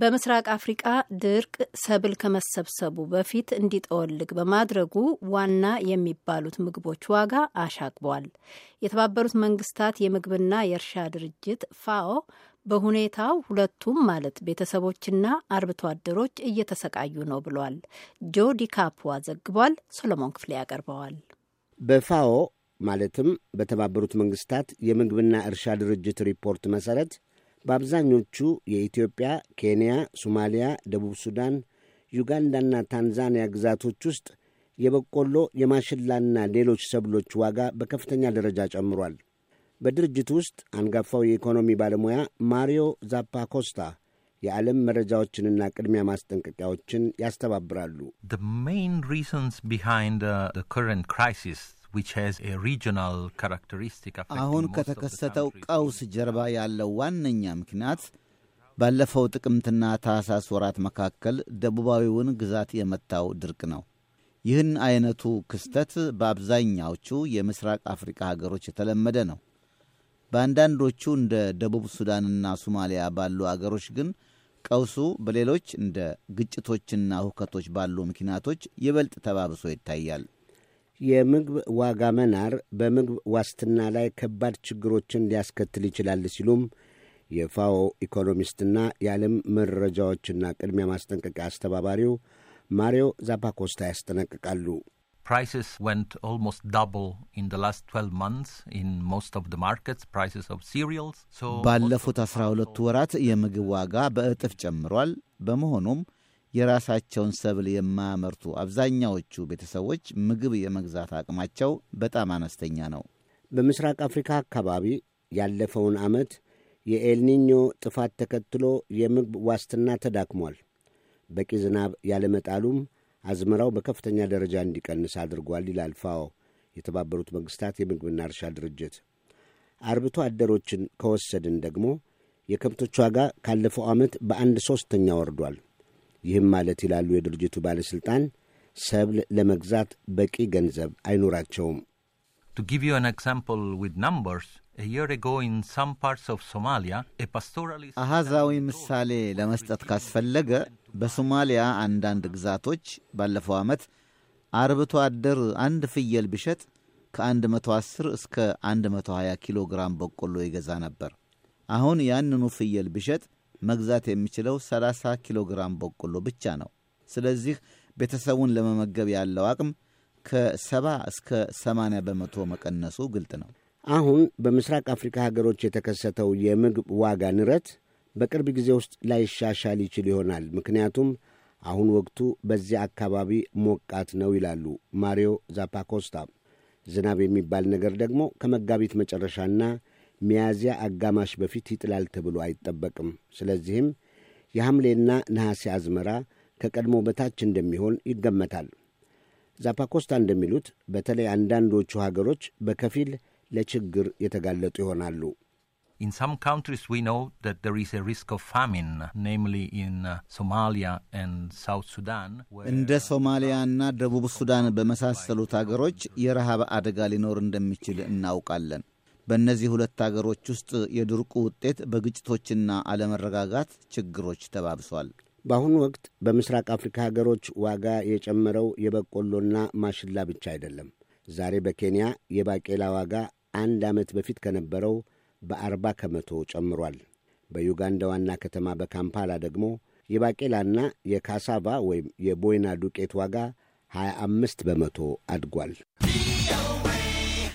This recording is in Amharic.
በምስራቅ አፍሪቃ ድርቅ ሰብል ከመሰብሰቡ በፊት እንዲጠወልግ በማድረጉ ዋና የሚባሉት ምግቦች ዋጋ አሻቅቧል። የተባበሩት መንግስታት የምግብና የእርሻ ድርጅት ፋኦ በሁኔታው ሁለቱም ማለት ቤተሰቦችና አርብቶ አደሮች እየተሰቃዩ ነው ብሏል። ጆዲ ካፕዋ ዘግቧል። ሶሎሞን ክፍሌ ያቀርበዋል። በፋኦ ማለትም በተባበሩት መንግስታት የምግብና እርሻ ድርጅት ሪፖርት መሠረት በአብዛኞቹ የኢትዮጵያ፣ ኬንያ፣ ሶማሊያ፣ ደቡብ ሱዳን፣ ዩጋንዳና ታንዛኒያ ግዛቶች ውስጥ የበቆሎ የማሽላና ሌሎች ሰብሎች ዋጋ በከፍተኛ ደረጃ ጨምሯል። በድርጅቱ ውስጥ አንጋፋው የኢኮኖሚ ባለሙያ ማሪዮ ዛፓኮስታ የዓለም መረጃዎችንና ቅድሚያ ማስጠንቀቂያዎችን ያስተባብራሉ። አሁን ከተከሰተው ቀውስ ጀርባ ያለው ዋነኛ ምክንያት ባለፈው ጥቅምትና ታህሳስ ወራት መካከል ደቡባዊውን ግዛት የመታው ድርቅ ነው። ይህን አይነቱ ክስተት በአብዛኛዎቹ የምስራቅ አፍሪካ ሀገሮች የተለመደ ነው። በአንዳንዶቹ እንደ ደቡብ ሱዳንና ሶማሊያ ባሉ አገሮች ግን ቀውሱ በሌሎች እንደ ግጭቶችና ሁከቶች ባሉ ምክንያቶች ይበልጥ ተባብሶ ይታያል። የምግብ ዋጋ መናር በምግብ ዋስትና ላይ ከባድ ችግሮችን ሊያስከትል ይችላል ሲሉም የፋኦ ኢኮኖሚስትና የዓለም መረጃዎችና ቅድሚያ ማስጠንቀቂያ አስተባባሪው ማሪዮ ዛፓኮስታ ያስጠነቅቃሉ። prices went almost double in the last ወራት የምግብ ዋጋ በእጥፍ ጨምሯል። በመሆኑም የራሳቸውን ሰብል የማያመርቱ አብዛኛዎቹ ቤተሰቦች ምግብ የመግዛት አቅማቸው በጣም አነስተኛ ነው። በምስራቅ አፍሪካ አካባቢ ያለፈውን ዓመት የኤልኒኞ ጥፋት ተከትሎ የምግብ ዋስትና ተዳክሟል። በቂ ዝናብ ያለመጣሉም አዝመራው በከፍተኛ ደረጃ እንዲቀንስ አድርጓል ይላል ፋኦ፣ የተባበሩት መንግሥታት የምግብና እርሻ ድርጅት። አርብቶ አደሮችን ከወሰድን ደግሞ የከብቶች ዋጋ ካለፈው ዓመት በአንድ ሦስተኛ ወርዷል። ይህም ማለት ይላሉ የድርጅቱ ባለሥልጣን ሰብል ለመግዛት በቂ ገንዘብ አይኖራቸውም። To give you an example with numbers, አሃዛዊ ምሳሌ ለመስጠት ካስፈለገ በሶማሊያ አንዳንድ ግዛቶች ባለፈው ዓመት አርብቶ አደር አንድ ፍየል ቢሸጥ ከ110 እስከ 120 ኪሎ ግራም በቆሎ ይገዛ ነበር። አሁን ያንኑ ፍየል ቢሸጥ መግዛት የሚችለው 30 ኪሎ ግራም በቆሎ ብቻ ነው። ስለዚህ ቤተሰቡን ለመመገብ ያለው አቅም ከ70 እስከ 80 በመቶ መቀነሱ ግልጥ ነው። አሁን በምስራቅ አፍሪካ ሀገሮች የተከሰተው የምግብ ዋጋ ንረት በቅርብ ጊዜ ውስጥ ላይሻሻል ይችል ይሆናል። ምክንያቱም አሁን ወቅቱ በዚያ አካባቢ ሞቃት ነው ይላሉ ማሪዮ ዛፓኮስታ። ዝናብ የሚባል ነገር ደግሞ ከመጋቢት መጨረሻና ሚያዝያ አጋማሽ በፊት ይጥላል ተብሎ አይጠበቅም። ስለዚህም የሐምሌና ነሐሴ አዝመራ ከቀድሞ በታች እንደሚሆን ይገመታል። ዛፓኮስታ እንደሚሉት በተለይ አንዳንዶቹ ሀገሮች በከፊል ለችግር የተጋለጡ ይሆናሉ። In some countries uh, እንደ ሶማሊያና ደቡብ ሱዳን በመሳሰሉት አገሮች የረሃብ አደጋ ሊኖር እንደሚችል እናውቃለን። በእነዚህ ሁለት አገሮች ውስጥ የድርቁ ውጤት በግጭቶችና አለመረጋጋት ችግሮች ተባብሷል። በአሁኑ ወቅት በምስራቅ አፍሪካ ሀገሮች ዋጋ የጨመረው የበቆሎና ማሽላ ብቻ አይደለም። ዛሬ በኬንያ የባቄላ ዋጋ አንድ ዓመት በፊት ከነበረው በአርባ ከመቶ ጨምሯል። በዩጋንዳ ዋና ከተማ በካምፓላ ደግሞ የባቄላና የካሳቫ ወይም የቦይና ዱቄት ዋጋ 25 በመቶ አድጓል።